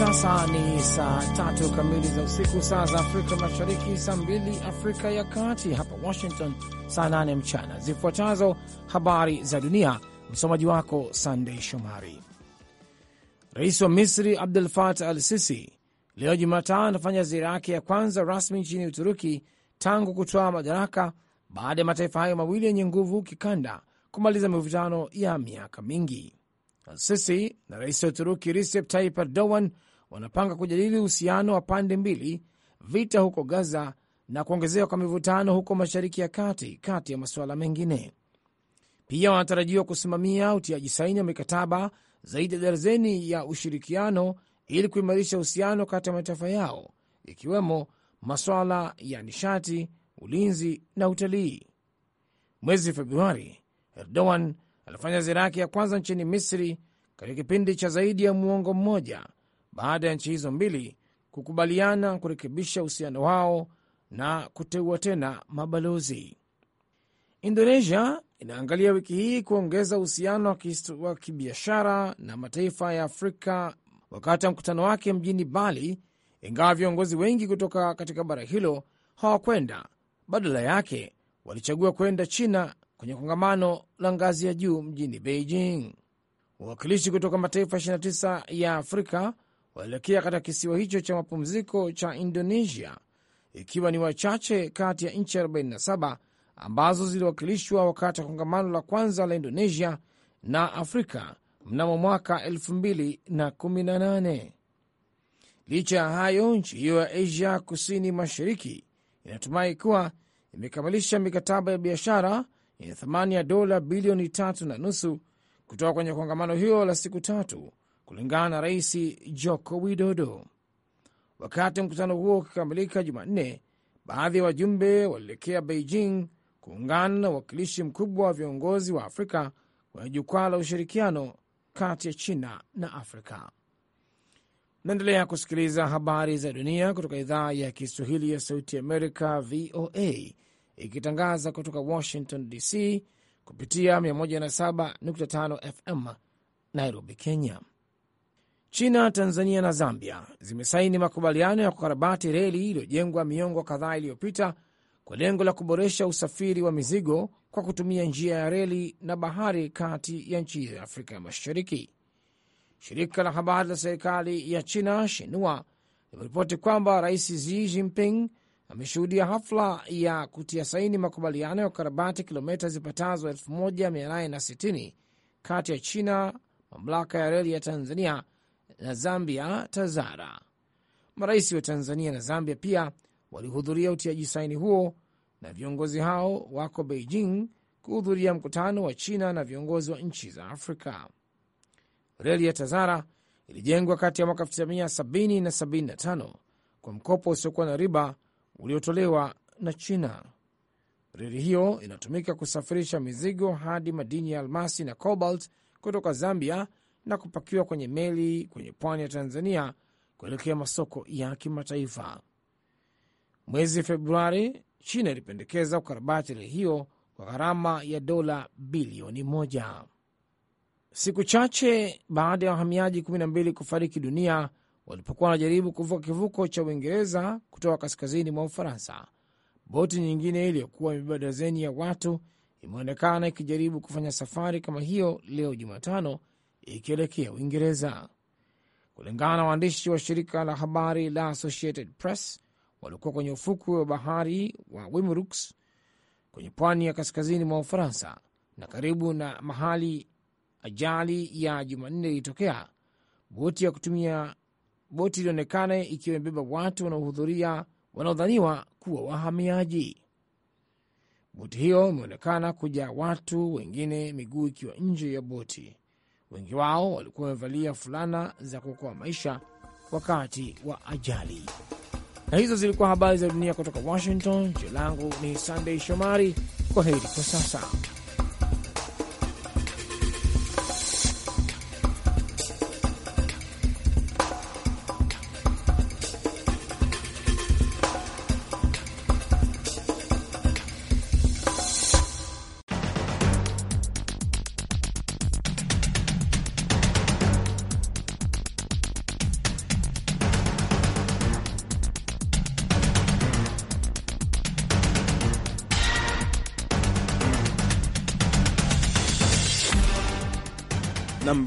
Sasa ni saa tatu kamili za usiku, saa za Afrika Mashariki, saa mbili Afrika ya Kati, hapa Washington saa nane mchana. Zifuatazo habari za dunia, msomaji wako Sandei Shomari. Rais wa Misri Abdul Fatah al Sisi leo Jumatano anafanya ziara yake ya kwanza rasmi nchini Uturuki tangu kutoa madaraka baada ya mataifa hayo mawili yenye nguvu kikanda kumaliza mivutano ya miaka mingi. Al Sisi na rais wa Uturuki Recep Tayyip Erdogan wanapanga kujadili uhusiano wa pande mbili, vita huko Gaza na kuongezeka kwa mivutano huko Mashariki ya Kati, kati ya masuala mengine. Pia wanatarajiwa kusimamia utiaji saini wa mikataba zaidi ya darzeni ya ushirikiano ili kuimarisha uhusiano kati ya mataifa yao, ikiwemo maswala ya nishati, ulinzi na utalii. Mwezi Februari, Erdogan alifanya ziara yake ya kwanza nchini Misri katika kipindi cha zaidi ya muongo mmoja baada ya nchi hizo mbili kukubaliana kurekebisha uhusiano wao na kuteua tena mabalozi. Indonesia inaangalia wiki hii kuongeza uhusiano wa kibiashara na mataifa ya Afrika wakati wa mkutano wake mjini Bali, ingawa viongozi wengi kutoka katika bara hilo hawakwenda. Badala yake walichagua kwenda China kwenye kongamano la ngazi ya juu mjini Beijing. Wawakilishi kutoka mataifa 29 ya Afrika walielekea katika kisiwa hicho cha mapumziko cha Indonesia, ikiwa ni wachache kati ya nchi 47 ambazo ziliwakilishwa wakati wa kongamano la kwanza la Indonesia na Afrika mnamo mwaka 2018. Licha ya hayo, nchi hiyo ya Asia kusini mashariki inatumai kuwa imekamilisha mikataba ya biashara yenye thamani ya dola bilioni tatu na nusu kutoka kwenye kongamano hiyo la siku tatu kulingana na Rais Joko Widodo. Wakati mkutano huo ukikamilika Jumanne, baadhi ya wajumbe walielekea Beijing kuungana na uwakilishi mkubwa wa viongozi wa Afrika kwenye jukwaa la ushirikiano kati ya China na Afrika. Naendelea kusikiliza habari za dunia kutoka idhaa ya Kiswahili ya Sauti Amerika, VOA, ikitangaza kutoka Washington DC kupitia 107.5 FM Nairobi, Kenya. China, Tanzania na Zambia zimesaini makubaliano ya kukarabati reli iliyojengwa miongo kadhaa iliyopita kwa lengo la kuboresha usafiri wa mizigo kwa kutumia njia ya reli na bahari kati ya nchi ya Afrika ya Mashariki. Shirika la habari la serikali ya China Shinua limeripoti kwamba Rais Xi Jinping ameshuhudia hafla ya kutia saini makubaliano ya kukarabati kilomita zipatazo 1860 kati ya China, mamlaka ya reli ya Tanzania na Zambia TAZARA. Marais wa Tanzania na Zambia pia walihudhuria utiaji saini huo, na viongozi hao wako Beijing kuhudhuria mkutano wa China na viongozi wa nchi za Afrika. Reli ya TAZARA ilijengwa kati ya mwaka 1970 na 75 kwa mkopo usiokuwa na riba uliotolewa na China. Reli hiyo inatumika kusafirisha mizigo hadi madini ya almasi na cobalt kutoka Zambia na kupakiwa kwenye meli kwenye pwani ya Tanzania kuelekea masoko ya kimataifa. Mwezi Februari, China ilipendekeza ukarabati reli hiyo kwa gharama ya dola bilioni moja. Siku chache baada ya wahamiaji 12 kufariki dunia walipokuwa wanajaribu kuvuka kivuko cha Uingereza kutoka kaskazini mwa Ufaransa, boti nyingine iliyokuwa imebeba dazeni ya watu imeonekana ikijaribu kufanya safari kama hiyo leo Jumatano ikielekea Uingereza. Kulingana na waandishi wa shirika la habari la Associated Press waliokuwa kwenye ufukwe wa bahari wa Wimrux kwenye pwani ya kaskazini mwa Ufaransa na karibu na mahali ajali ya Jumanne ilitokea, boti ya kutumia boti ilionekana ikiwa imebeba watu wanaohudhuria wanaodhaniwa kuwa wahamiaji. Boti hiyo imeonekana kuja watu wengine, miguu ikiwa nje ya boti. Wengi wao walikuwa wamevalia fulana za kuokoa maisha wakati wa ajali. Na hizo zilikuwa habari za dunia kutoka Washington. Jina langu ni Sandey Shomari. Kwa heri kwa sasa.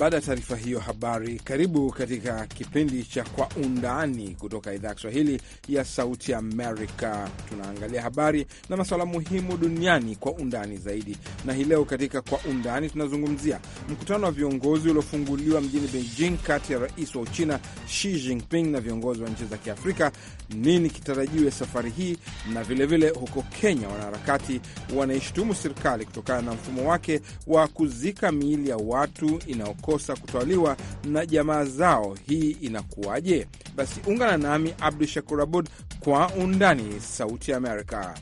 baada ya taarifa hiyo habari. Karibu katika kipindi cha Kwa Undani kutoka idhaa ya Kiswahili ya Sauti Amerika. Tunaangalia habari na masuala muhimu duniani kwa undani zaidi, na hii leo katika Kwa Undani tunazungumzia mkutano wa viongozi uliofunguliwa mjini Beijing kati ya rais wa Uchina Xi Jinping na viongozi wa nchi za Kiafrika. Nini kitarajiwe safari hii? Na vilevile vile, huko Kenya wanaharakati wanaishutumu serikali kutokana na mfumo wake wa kuzika miili ya watu inaoko kukosa kutawaliwa na jamaa zao. Hii inakuwaje? Basi ungana nami Abdu Shakur Abud kwa undani. Sauti ya Amerika.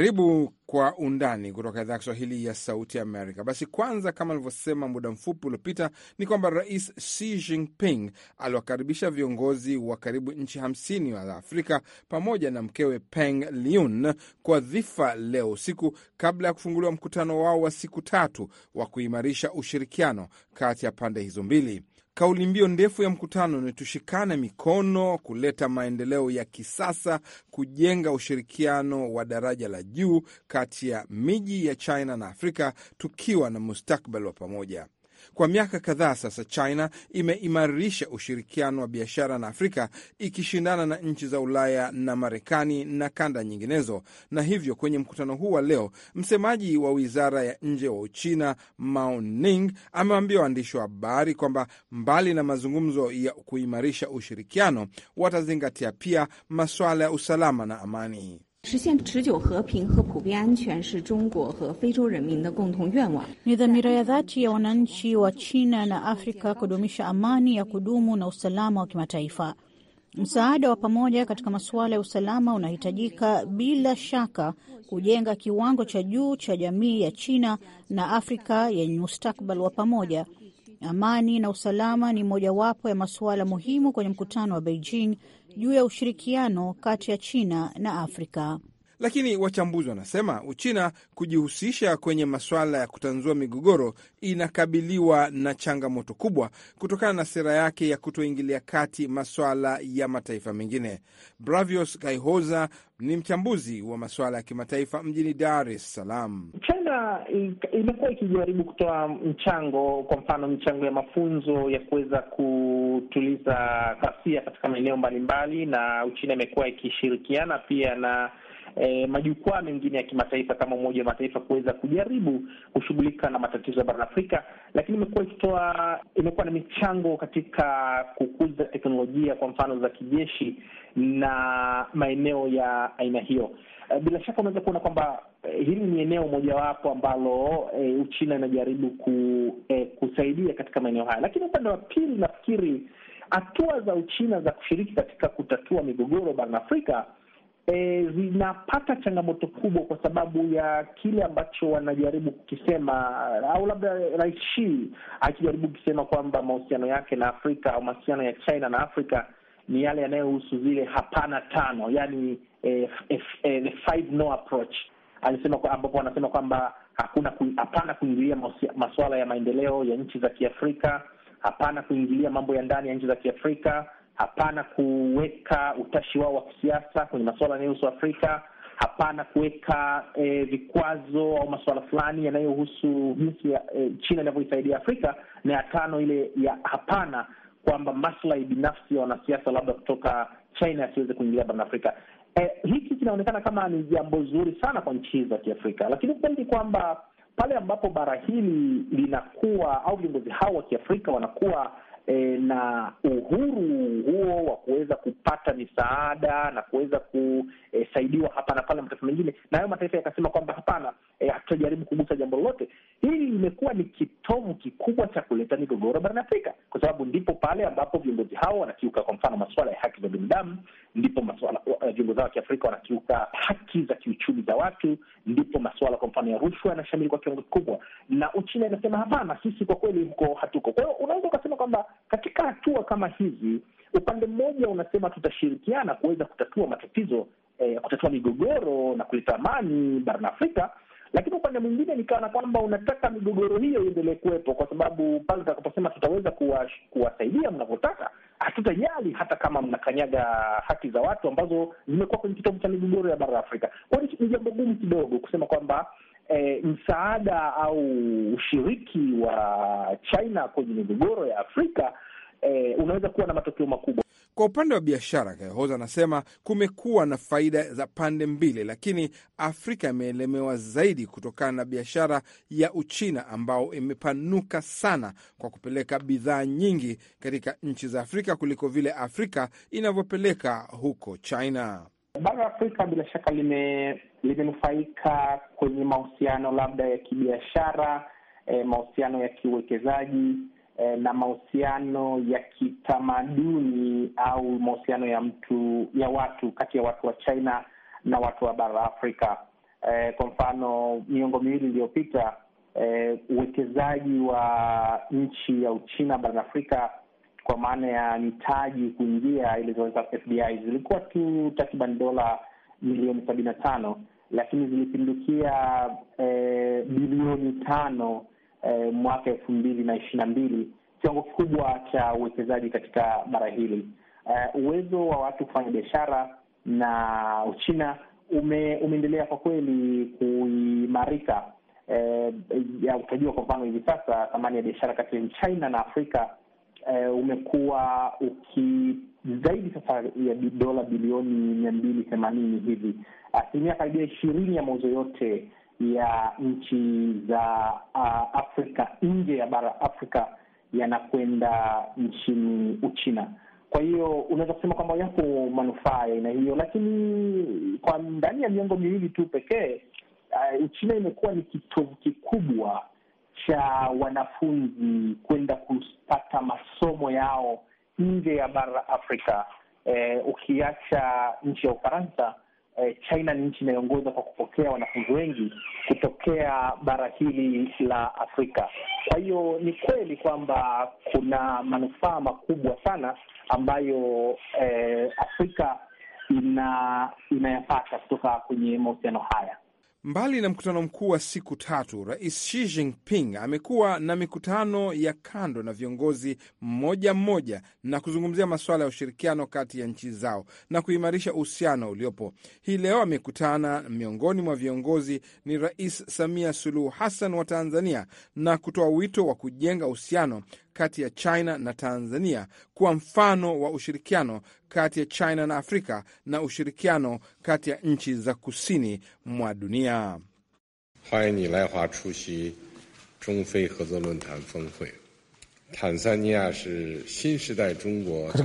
Karibu kwa undani kutoka idhaa ya Kiswahili ya Sauti ya Amerika. Basi kwanza, kama alivyosema muda mfupi uliopita, ni kwamba Rais Xi Jinping aliwakaribisha viongozi wa karibu nchi hamsini wa Afrika pamoja na mkewe Peng liun kwa dhifa leo usiku kabla ya kufunguliwa mkutano wao wa siku tatu wa kuimarisha ushirikiano kati ya pande hizo mbili. Kauli mbio ndefu ya mkutano ni tushikane mikono kuleta maendeleo ya kisasa, kujenga ushirikiano wa daraja la juu kati ya miji ya China na Afrika, tukiwa na mustakbal wa pamoja. Kwa miaka kadhaa sasa, China imeimarisha ushirikiano wa biashara na Afrika ikishindana na nchi za Ulaya na Marekani na kanda nyinginezo. Na hivyo kwenye mkutano huu wa leo, msemaji wa wizara ya nje wa Uchina Mao Ning amewaambia waandishi wa habari kwamba mbali na mazungumzo ya kuimarisha ushirikiano, watazingatia pia masuala ya usalama na amani. 实现持久和平和普遍安全是中国和非洲人民的共同愿望。Ni dhamira ya dhati ya wananchi wa China na Afrika kudumisha amani ya kudumu na usalama wa kimataifa. Msaada wa pamoja katika masuala ya usalama unahitajika bila shaka kujenga kiwango cha juu cha jamii ya China na Afrika yenye mustakbal wa pamoja Amani na usalama ni mojawapo ya masuala muhimu kwenye mkutano wa Beijing juu ya ushirikiano kati ya China na Afrika. Lakini wachambuzi wanasema Uchina kujihusisha kwenye masuala ya kutanzua migogoro inakabiliwa na changamoto kubwa kutokana na sera yake ya kutoingilia kati masuala ya mataifa mengine. Bravios Kaihoza ni mchambuzi wa masuala ya kimataifa mjini Dar es Salaam. China imekuwa ikijaribu kutoa mchango, kwa mfano michango ya mafunzo ya kuweza kutuliza ghasia katika maeneo mbalimbali, na Uchina imekuwa ikishirikiana pia na eh, majukwaa mengine ya kimataifa kama Umoja wa Mataifa kuweza kujaribu kushughulika na matatizo ya barani Afrika, lakini imekuwa ikitoa imekuwa na michango katika kukuza teknolojia kwa mfano za kijeshi na maeneo ya aina hiyo. E, bila shaka unaweza kuona kwamba e, hili ni eneo mojawapo ambalo e, Uchina inajaribu ku, e, kusaidia katika maeneo haya, lakini upande wa pili nafikiri hatua za Uchina za kushiriki katika kutatua migogoro barani Afrika e, zinapata changamoto kubwa kwa sababu ya kile ambacho wanajaribu kukisema, au labda Rais Xi akijaribu kukisema kwamba mahusiano yake na Afrika au mahusiano ya China na Afrika ni yale yanayohusu zile hapana tano, yani eh, eh, the five no approach alisema, ambapo wanasema kwamba hakuna hapana kuingilia masuala ya maendeleo ya nchi za Kiafrika, hapana kuingilia mambo ya ndani ya nchi za Kiafrika hapana kuweka utashi wao wa kisiasa kwenye masuala yanayohusu Afrika, hapana kuweka e, vikwazo au masuala fulani yanayohusu jinsi ya, e, China inavyoisaidia Afrika, na ya tano ile ya hapana kwamba maslahi binafsi ya wanasiasa labda kutoka China yasiweze kuingilia barani Afrika. E, hiki kinaonekana kama ni jambo zuri sana kwa nchi za Kiafrika, lakini ukweli ni kwamba pale ambapo bara hili linakuwa au viongozi hao wa Kiafrika wanakuwa e, na uhuru huo wa kuweza kupata misaada na kuweza ku e, saidiwa hapa na pale mataifa mengine, na hayo mataifa yakasema kwamba hapana, e, hatutajaribu kugusa jambo lolote. Hili limekuwa ni kitovu kikubwa cha kuleta migogoro barani Afrika, kwa sababu ndipo pale ambapo viongozi hao wanakiuka, kwa mfano, masuala ya haki za binadamu, ndipo masuala eh, viongozi hao wa Kiafrika wanakiuka haki za kiuchumi za watu, ndipo masuala kwa mfano ya rushwa yanashamiri kwa kiwango kikubwa, na Uchina inasema hapana, sisi kwa kweli huko hatuko. Kwa hiyo unaweza ukasema kwamba katika hatua kama hizi upande mmoja unasema tutashirikiana kuweza kutatua matatizo eh, kutatua migogoro na kuleta amani barani Afrika, lakini upande mwingine nikaona kwamba unataka migogoro hiyo iendelee kuwepo, kwa sababu pale utakaposema tutaweza kuwa, kuwasaidia mnavyotaka, hatutajali hata kama mnakanyaga haki za watu ambazo zimekuwa kwenye kitovu cha migogoro ya bara la Afrika. Kwa hiyo ni jambo gumu kidogo kusema kwamba E, msaada au ushiriki wa China kwenye migogoro ya Afrika e, unaweza kuwa na matokeo makubwa. Kwa upande wa biashara, Kayohozi anasema kumekuwa na faida za pande mbili, lakini Afrika imeelemewa zaidi kutokana na biashara ya Uchina ambao imepanuka sana kwa kupeleka bidhaa nyingi katika nchi za Afrika kuliko vile Afrika inavyopeleka huko China. Bara Afrika bila shaka lime, limenufaika kwenye mahusiano labda ya kibiashara, eh, mahusiano ya kiuwekezaji eh, na mahusiano ya kitamaduni au mahusiano ya mtu ya watu kati ya watu wa China na watu wa bara Afrika. Eh, kwa mfano miongo miwili iliyopita eh, uwekezaji wa nchi ya Uchina barani Afrika kwa maana ya mitaji kuingia ilizoweza FDI zilikuwa tu takriban dola milioni sabini na tano lakini zilipindukia eh, bilioni tano eh, mwaka elfu mbili na ishirini na mbili kiwango kikubwa cha uwekezaji katika bara hili. Eh, uwezo wa watu kufanya biashara na Uchina ume, umeendelea kwa kweli kuimarika. Eh, utajua kwa mfano hivi sasa thamani ya biashara kati ya China na Afrika eh, umekuwa uki zaidi sasa ya dola bilioni mia mbili themanini hivi, asilimia karibia ishirini ya mauzo yote ya nchi za uh, Afrika nje ya bara Afrika yanakwenda nchini Uchina. Kwa hiyo unaweza kusema kwamba yapo manufaa ya aina hiyo, lakini kwa ndani ya miongo miwili tu pekee uh, Uchina imekuwa ni kitovu kikubwa cha wanafunzi kwenda kupata masomo yao nje ya bara Afrika. Eh, ukiacha nchi ya Ufaransa Eh, China ni nchi inayoongoza kwa kupokea wanafunzi wengi kutokea bara hili la Afrika. Kwa hiyo ni kweli kwamba kuna manufaa makubwa sana ambayo eh, Afrika ina inayapata kutoka kwenye mahusiano haya. Mbali na mkutano mkuu wa siku tatu, Rais Xi Jinping amekuwa na mikutano ya kando na viongozi mmoja mmoja na kuzungumzia masuala ya ushirikiano kati ya nchi zao na kuimarisha uhusiano uliopo. Hii leo amekutana, miongoni mwa viongozi ni Rais Samia Suluhu Hassan wa Tanzania, na kutoa wito wa kujenga uhusiano kati ya China na Tanzania kuwa mfano wa ushirikiano kati ya China na Afrika na ushirikiano kati ya nchi za kusini mwa dunia. Katika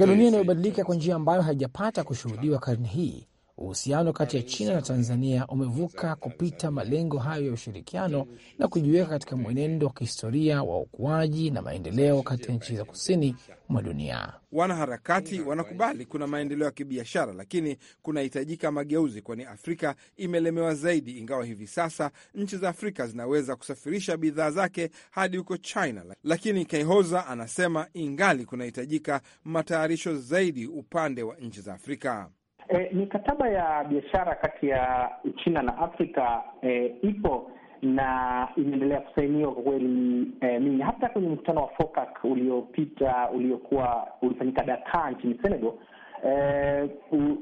dunia inayobadilika kwa njia ambayo haijapata kushuhudiwa karne hii, Uhusiano kati ya China na Tanzania umevuka kupita malengo hayo ya ushirikiano na kujiweka katika mwenendo wa kihistoria wa ukuaji na maendeleo kati ya nchi za kusini mwa dunia. Wanaharakati wanakubali kuna maendeleo ya kibiashara, lakini kunahitajika mageuzi, kwani Afrika imelemewa zaidi, ingawa hivi sasa nchi za Afrika zinaweza kusafirisha bidhaa zake hadi huko China. Lakini Kaihoza anasema ingali kunahitajika matayarisho zaidi upande wa nchi za Afrika. E, mikataba ya biashara kati ya China na Afrika e, ipo na imeendelea kusainiwa kwa kweli e, mingi. Hata kwenye mkutano wa FOCAC uliopita uliokuwa ulifanyika Dakar nchini Senegal e,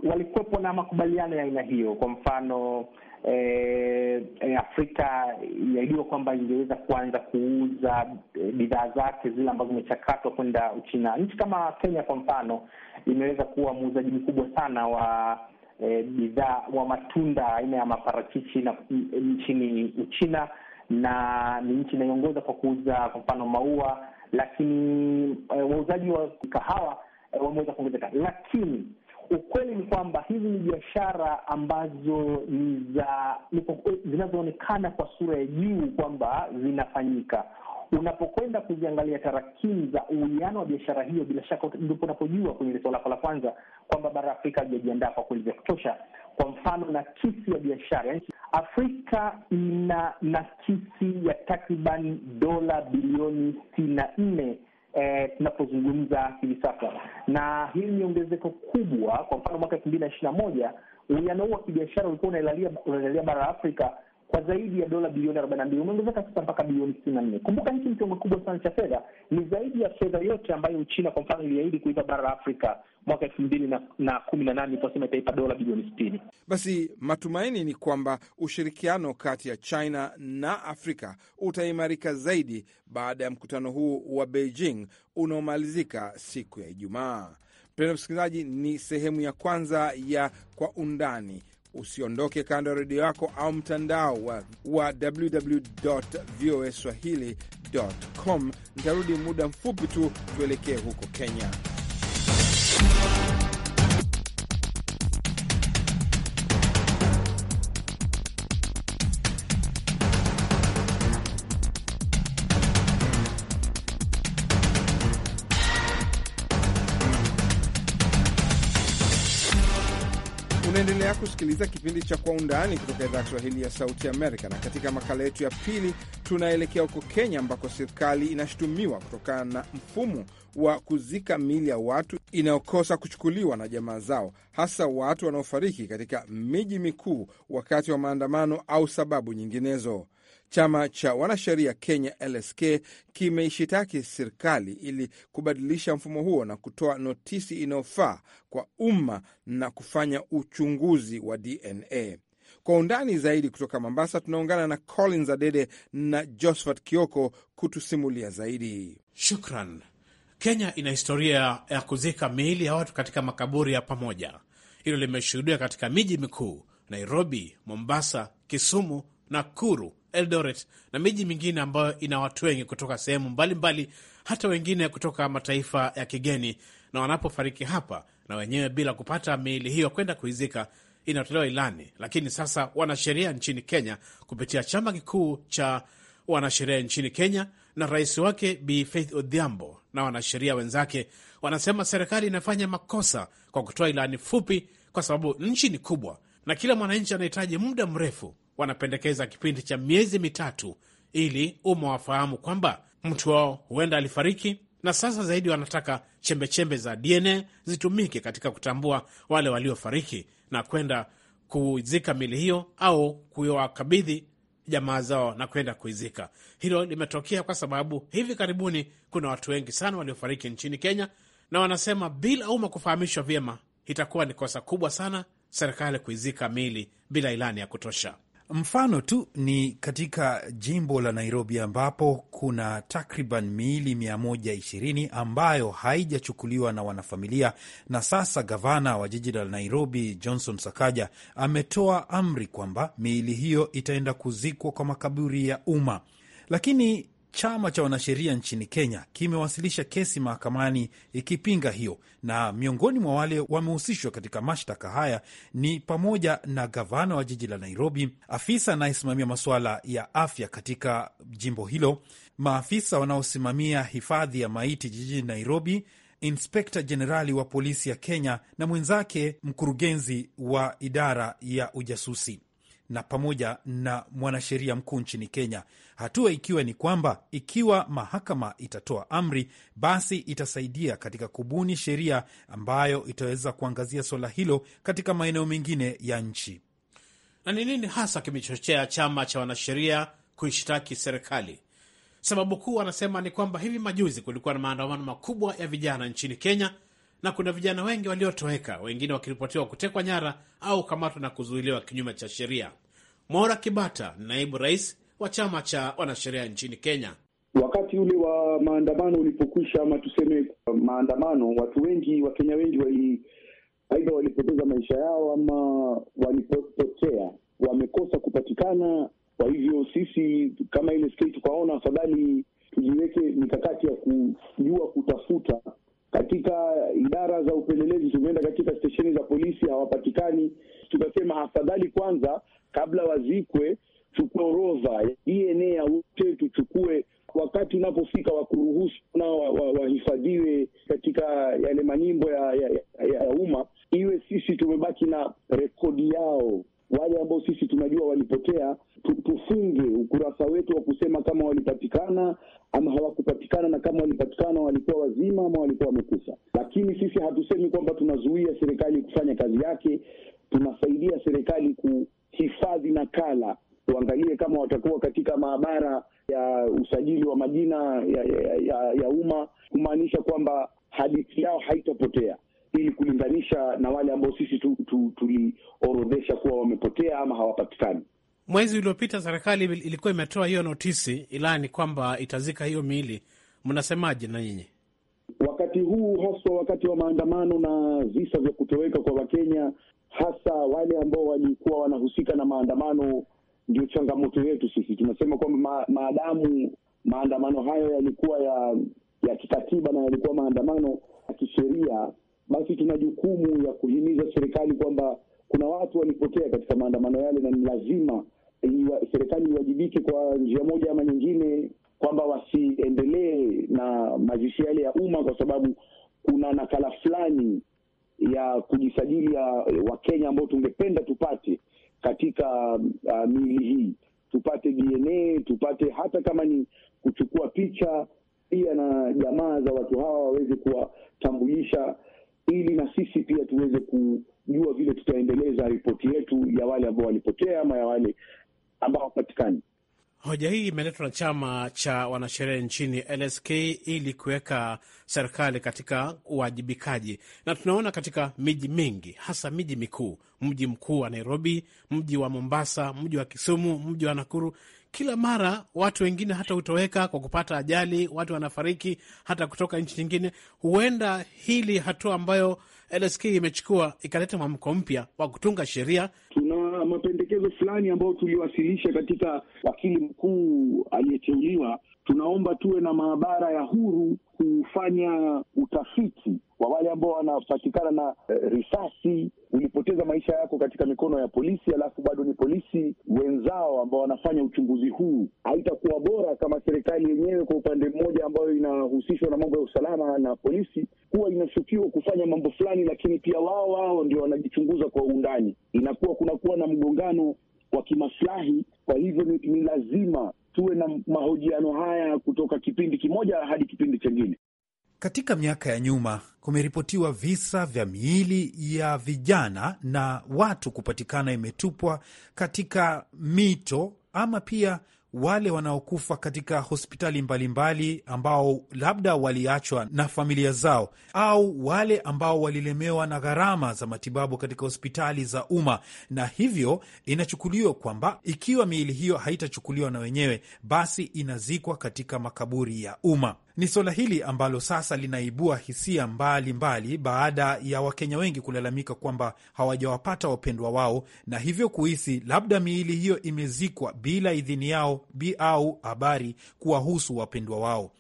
walikuwepo na makubaliano ya aina hiyo. Kwa mfano e, e, Afrika yajua kwamba ingeweza kuanza kuuza e, bidhaa zake zile ambazo zimechakatwa kwenda Uchina. Nchi kama Kenya kwa mfano imeweza kuwa muuzaji mkubwa sana wa e, bidhaa wa matunda aina ya maparachichi na mm, nchini Uchina, na ni nchi inayoongoza kwa kuuza kwa mfano maua, lakini e, wauzaji wa kahawa e, wameweza kuongezeka, lakini Ukweli ni kwamba hizi ni biashara ambazo ni za zinazoonekana kwa sura ya juu kwamba zinafanyika. Unapokwenda kuziangalia tarakimu za uwiano wa biashara hiyo, bila shaka ndipo unapojua kwenye swala lako la kwanza kwamba bara ya Afrika halijajiandaa kwa kweli vya kutosha. Kwa mfano nakisi ya biashara, yani, Afrika ina nakisi ya takriban dola bilioni sitini na nne eh, tunapozungumza hivi sasa, na hili ni ongezeko kubwa. Kwa mfano mwaka elfu mbili na ishirini na moja uwiano huu wa kibiashara ulikuwa unailalia bara la Afrika kwa zaidi ya dola bilioni arobaini na mbili umeongezeka sasa mpaka bilioni sitini na nne. Kumbuka hiki ni kiwango kikubwa sana cha fedha, ni zaidi ya fedha yote ambayo Uchina kwa mfano iliahidi kuipa bara la Afrika mwaka elfu mbili na, kumi na nane iliposema itaipa dola bilioni sitini. Basi matumaini ni kwamba ushirikiano kati ya China na Afrika utaimarika zaidi baada ya mkutano huu wa Beijing unaomalizika siku ya Ijumaa. Mpendwa msikilizaji, ni sehemu ya kwanza ya Kwa Undani. Usiondoke kando ya redio yako au mtandao wa, wa swahilicom Nitarudi muda mfupi tu, tuelekee huko Kenya. Unaendelea kusikiliza kipindi cha Kwa Undani kutoka idhaa ya Kiswahili ya Sauti Amerika, na katika makala yetu ya pili tunaelekea huko Kenya, ambako serikali inashutumiwa kutokana na mfumo wa kuzika miili ya watu inayokosa kuchukuliwa na jamaa zao, hasa watu wanaofariki katika miji mikuu wakati wa maandamano au sababu nyinginezo. Chama cha wanasheria Kenya LSK kimeishitaki serikali ili kubadilisha mfumo huo na kutoa notisi inayofaa kwa umma na kufanya uchunguzi wa DNA. Kwa undani zaidi kutoka Mombasa, tunaungana na Collins Adede na Josphat Kioko kutusimulia zaidi. Shukran. Kenya ina historia ya kuzika miili ya watu katika makaburi ya pamoja. Hilo limeshuhudiwa katika miji mikuu Nairobi, Mombasa, Kisumu, Nakuru Eldoret na miji mingine ambayo ina watu wengi kutoka sehemu mbalimbali, hata wengine kutoka mataifa ya kigeni, na wanapofariki hapa na wenyewe bila kupata miili hiyo kwenda kuizika inatolewa ilani. Lakini sasa wanasheria nchini Kenya kupitia chama kikuu cha wanasheria nchini Kenya na rais wake Bi Faith Odhiambo na wanasheria wenzake wanasema serikali inafanya makosa kwa kutoa ilani fupi, kwa sababu nchi ni kubwa na kila mwananchi anahitaji muda mrefu wanapendekeza kipindi cha miezi mitatu ili umma wafahamu kwamba mtu wao huenda alifariki, na sasa zaidi wanataka chembechembe za DNA zitumike katika kutambua wale waliofariki na kwenda kuzika mili hiyo au kuwakabidhi jamaa zao na kwenda kuizika. Hilo limetokea kwa sababu hivi karibuni kuna watu wengi sana waliofariki nchini Kenya, na wanasema bila umma kufahamishwa vyema itakuwa ni kosa kubwa sana serikali kuizika mili bila ilani ya kutosha. Mfano tu ni katika jimbo la Nairobi ambapo kuna takriban miili 120 ambayo haijachukuliwa na wanafamilia, na sasa gavana wa jiji la Nairobi Johnson Sakaja ametoa amri kwamba miili hiyo itaenda kuzikwa kwa makaburi ya umma, lakini Chama cha wanasheria nchini Kenya kimewasilisha kesi mahakamani ikipinga hiyo, na miongoni mwa wale wamehusishwa katika mashtaka haya ni pamoja na gavana wa jiji la Nairobi, afisa anayesimamia masuala ya afya katika jimbo hilo, maafisa wanaosimamia hifadhi ya maiti jijini Nairobi, inspekta jenerali wa polisi ya Kenya na mwenzake mkurugenzi wa idara ya ujasusi na pamoja na mwanasheria mkuu nchini Kenya, hatua ikiwa ni kwamba ikiwa mahakama itatoa amri, basi itasaidia katika kubuni sheria ambayo itaweza kuangazia suala hilo katika maeneo mengine ya nchi. Na ni nini hasa kimechochea chama cha wanasheria kuishtaki serikali? Sababu kuu anasema ni kwamba hivi majuzi kulikuwa na maandamano makubwa ya vijana nchini Kenya na kuna vijana wengi waliotoweka, wengine wakiripotiwa kutekwa nyara au kamatwa na kuzuiliwa kinyume cha sheria. Mora Kibata, naibu rais wa chama cha wanasheria nchini Kenya. Wakati ule wa maandamano ulipokwisha, ama tuseme uh, maandamano, watu wengi, Wakenya wengi wali aidha walipoteza maisha yao ama walipotea, wamekosa kupatikana. Kwa hivyo sisi kama ile LSK tukaona afadhali tujiweke mikakati ya kujua kutafuta katika idara za upelelezi. Tumeenda katika stesheni za polisi, hawapatikani. Tukasema afadhali kwanza kabla wazikwe, chukue orodha ya DNA ya wote, tuchukue wakati unapofika wa kuruhusu nao wahifadhiwe wa, wa katika yale manyimbo ya, ya, ya, ya umma, iwe sisi tumebaki na rekodi yao. Wale ambao sisi tunajua walipotea, tufunge ukurasa wetu wa kusema kama walipatikana ama hawakupatikana, na kama walipatikana walikuwa wazima ama walikuwa wamekufa. Lakini sisi hatusemi kwamba tunazuia serikali kufanya kazi yake, tunasaidia serikali ku na nakala, uangalie kama watakuwa katika maabara ya usajili wa majina ya, ya, ya, ya umma, kumaanisha kwamba hadithi yao haitapotea ili kulinganisha na wale ambao sisi tuliorodhesha tu, tu, kuwa wamepotea ama hawapatikani. Mwezi uliopita serikali ilikuwa imetoa hiyo notisi, ilani kwamba itazika hiyo miili. Mnasemaje na nyinyi? wakati huu haswa wakati wa maandamano na visa vya kutoweka kwa Wakenya, hasa wale ambao walikuwa wanahusika na maandamano, ndio changamoto yetu sisi. Tunasema kwamba ma, maadamu maandamano hayo yalikuwa ya ya kikatiba na yalikuwa maandamano ya kisheria, basi tuna jukumu ya kuhimiza serikali kwamba kuna watu walipotea katika maandamano yale, na ni lazima serikali iwajibike kwa njia moja ama nyingine kwamba wasiendelee na mazishi yale ya umma, kwa sababu kuna nakala fulani ya kujisajili ya eh, Wakenya ambao tungependa tupate katika uh, miili hii, tupate DNA, tupate hata kama ni kuchukua picha pia, na jamaa za watu hawa waweze kuwatambulisha, ili na sisi pia tuweze kujua vile tutaendeleza ripoti yetu ya wale ambao walipotea ama ya wale ambao wapatikani Hoja hii imeletwa na chama cha wanasheria nchini LSK ili kuweka serikali katika uwajibikaji, na tunaona katika miji mingi, hasa miji mikuu, mji mkuu wa Nairobi, mji wa Mombasa, mji wa Kisumu, mji wa Nakuru, kila mara watu wengine hata hutoweka kwa kupata ajali, watu wanafariki hata kutoka nchi nyingine. Huenda hili hatua ambayo LSK imechukua ikaleta mwamko mpya wa kutunga sheria. Tuna mapendekezo fulani ambayo tuliwasilisha katika wakili mkuu aliyeteuliwa tunaomba tuwe na maabara ya huru kufanya utafiti wa wale ambao wanapatikana na e, risasi. Ulipoteza maisha yako katika mikono ya polisi, alafu bado ni polisi wenzao ambao wanafanya uchunguzi huu. Haitakuwa bora kama serikali yenyewe kwa upande mmoja, ambayo inahusishwa na mambo ya usalama na polisi, huwa inashukiwa kufanya mambo fulani, lakini pia wao wao ndio wanajichunguza kwa undani. Inakuwa kunakuwa na mgongano wa kimaslahi. Kwa hivyo ni, ni lazima tuwe na mahojiano haya kutoka kipindi kimoja hadi kipindi chengine Katika miaka ya nyuma kumeripotiwa visa vya miili ya vijana na watu kupatikana imetupwa katika mito ama pia wale wanaokufa katika hospitali mbalimbali mbali ambao labda waliachwa na familia zao au wale ambao walilemewa na gharama za matibabu katika hospitali za umma. Na hivyo inachukuliwa kwamba ikiwa miili hiyo haitachukuliwa na wenyewe, basi inazikwa katika makaburi ya umma. Ni suala hili ambalo sasa linaibua hisia mbalimbali mbali, baada ya Wakenya wengi kulalamika kwamba hawajawapata wapendwa wao na hivyo kuhisi labda miili hiyo imezikwa bila idhini yao bi au habari kuwahusu wapendwa wao.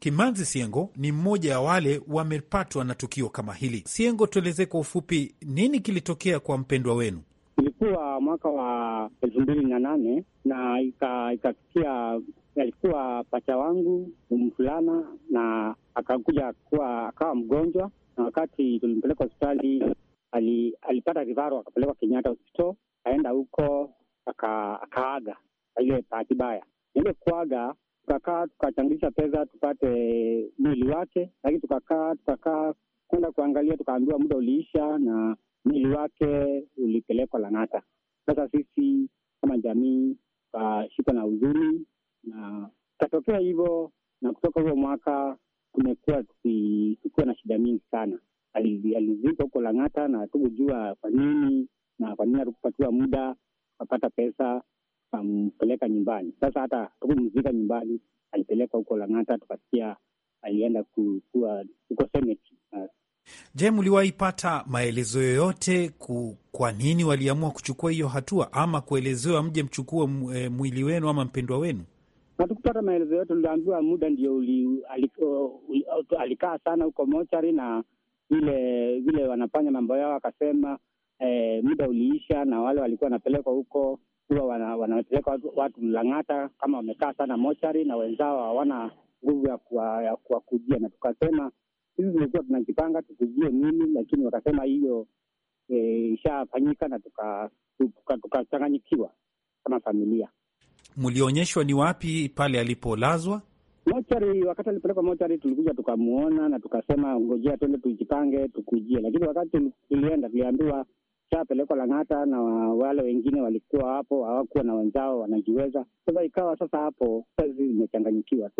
Kimanzi Siengo ni mmoja ya wale wamepatwa na tukio kama hili. Siengo, tuelezee kwa ufupi nini kilitokea kwa mpendwa wenu? Ilikuwa mwaka wa elfu mbili na nane na ikatukia alikuwa pacha wangu mfulana, na akakuja kuwa akawa mgonjwa, na wakati tulimpeleka hospitali ali, alipata kivaro akapelekwa Kenyatta hospital, aenda huko aka, akaaga ile bahati baya Ile kuaga tukakaa tukachangisha pesa tupate mwili wake, lakini tukakaa tukakaa kwenda kuangalia, tukaambiwa muda uliisha na mwili wake ulipelekwa Lang'ata. Sasa sisi kama jamii tukashikwa na huzuni na tatokea hivyo, na kutoka huo mwaka kumekuwa tukiwa na shida mingi sana. alizika huko Lang'ata na tukujua kwa nini na kwa nini atukupatiwa muda apata pesa kampeleka nyumbani. Sasa hata tukumzika nyumbani, alipelekwa huko Lang'ata, tukasikia alienda kukua huko semeti. Je, mliwaipata maelezo yoyote ku, kwa nini waliamua kuchukua hiyo hatua ama kuelezewa mje mchukue eh, mwili wenu ama mpendwa wenu? Hatukupata maelezo yote, tuliambiwa muda ndio alikaa sana huko mochari na vile vile wanafanya mambo yao, akasema eh, muda uliisha, na wale walikuwa wanapelekwa huko huwa wana, wanapeleka watu, watu Mlang'ata kama wamekaa sana mochari na wenzao hawana nguvu ya kuwakujia kuwa, na tukasema sisi tulikuwa tunajipanga tukujie nini, lakini wakasema hiyo e, ishafanyika na tukachanganyikiwa tuka, tuka kama familia mlionyeshwa ni wapi pale alipolazwa? Mochari. Wakati alipelekwa mochari, tulikuja tukamwona na tukasema ngojea tuende tujipange tukujie, lakini wakati tulienda tuliambiwa shapelekwa Lang'ata na wale wengine walikuwa hapo hawakuwa na wenzao wanajiweza. Sasa ikawa sasa hapo, kazi imechanganyikiwa,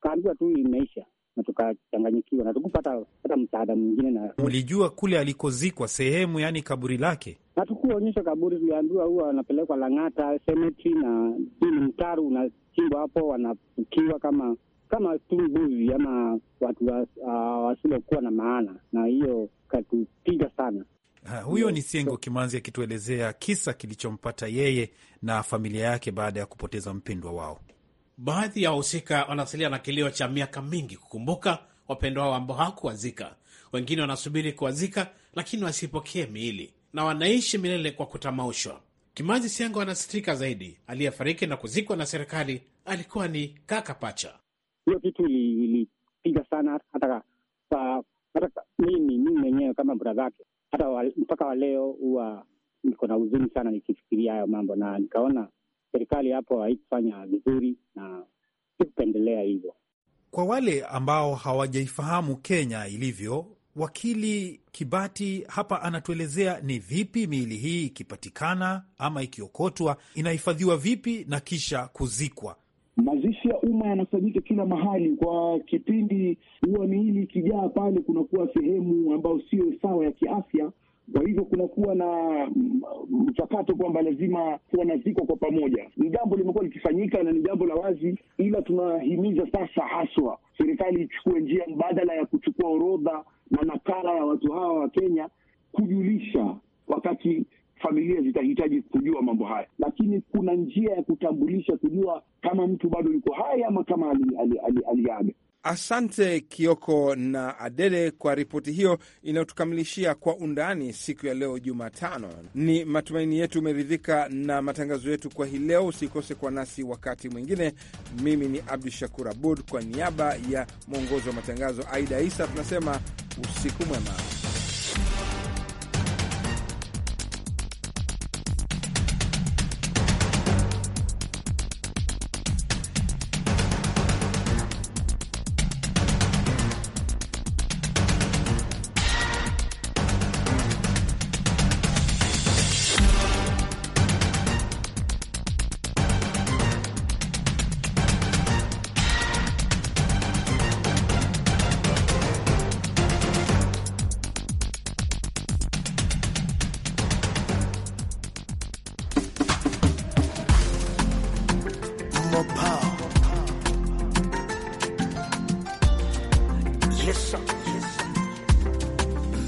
kaambiwa tu imeisha na tukachanganyikiwa na tukupata hata msaada mwingine. Na ulijua kule alikozikwa sehemu, yaani kaburi lake, hatukuonyeshwa kaburi, tuliambiwa huwa anapelekwa Lang'ata cemetery, na hii ni mtaru unachimbwa hapo, wanafukiwa kama kama tu ama watu wasilokuwa uh, na maana, na hiyo katupiga sana. Ha, huyo ni Siengo Kimanzi akituelezea kisa kilichompata yeye na familia yake baada ya kupoteza mpendwa wao. Baadhi ya wahusika wanaasilia na kilio cha miaka mingi kukumbuka wapendwa wao ambao hawakuwazika. Wengine wanasubiri kuwazika, lakini wasipokee miili na wanaishi milele kwa kutamaushwa. Kimazi Siango anasitrika zaidi. Aliyefariki na kuzikwa na serikali alikuwa ni kaka pacha. Hiyo kitu ilipiga sana, hata mimi mimi mwenyewe kama bradhake, hata mpaka wa leo huwa niko na huzuni sana nikifikiria hayo mambo, na nikaona serikali hapo haikufanya vizuri na sikupendelea hivyo. Kwa wale ambao hawajaifahamu Kenya ilivyo, wakili Kibati hapa anatuelezea ni vipi miili hii ikipatikana ama ikiokotwa inahifadhiwa vipi na kisha kuzikwa. Mazishi ya umma yanafanyika kila mahali. Kwa kipindi huwa miili ikijaa pale, kunakuwa sehemu ambayo sio sawa ya kiafya kwa hivyo kunakuwa na mm, mchakato kwamba lazima wanazikwa kwa pamoja. Ni jambo limekuwa likifanyika na ni jambo la wazi, ila tunahimiza sasa haswa serikali ichukue njia mbadala ya kuchukua orodha na nakala ya watu hawa wa Kenya, kujulisha wakati familia zitahitaji kujua mambo haya, lakini kuna njia ya kutambulisha, kujua kama mtu bado yuko hai ama kama aliaga ali, ali, ali, ali Asante Kioko na Adede kwa ripoti hiyo inayotukamilishia kwa undani siku ya leo Jumatano. Ni matumaini yetu umeridhika na matangazo yetu kwa hii leo. Usikose kwa nasi wakati mwingine. Mimi ni Abdu Shakur Abud, kwa niaba ya mwongozi wa matangazo Aida Isa, tunasema usiku mwema.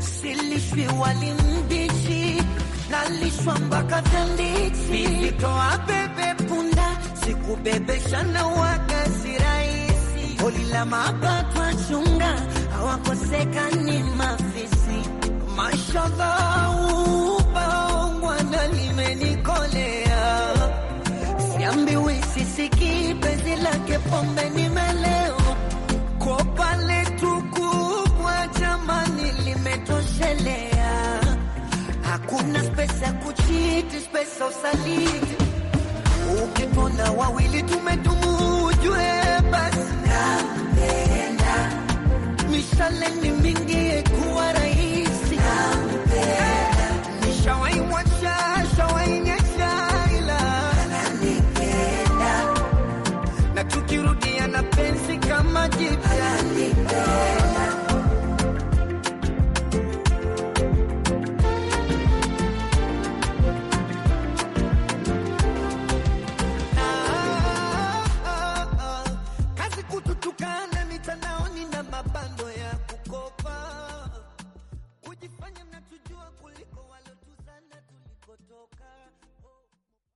silishwi, walimbishi nalishwa mpaka tandiki, nilitoa bebe punda, sikubebesha na wakazi rahisi, holi la mapatwa chunga hawakosekani mafisi, mashallah limenikoleasiambiwi sisiki penzi lake pombe msaliti, pesa usaliti, ukipona wawili tumetumujwe basi, napenda mishaleni mingi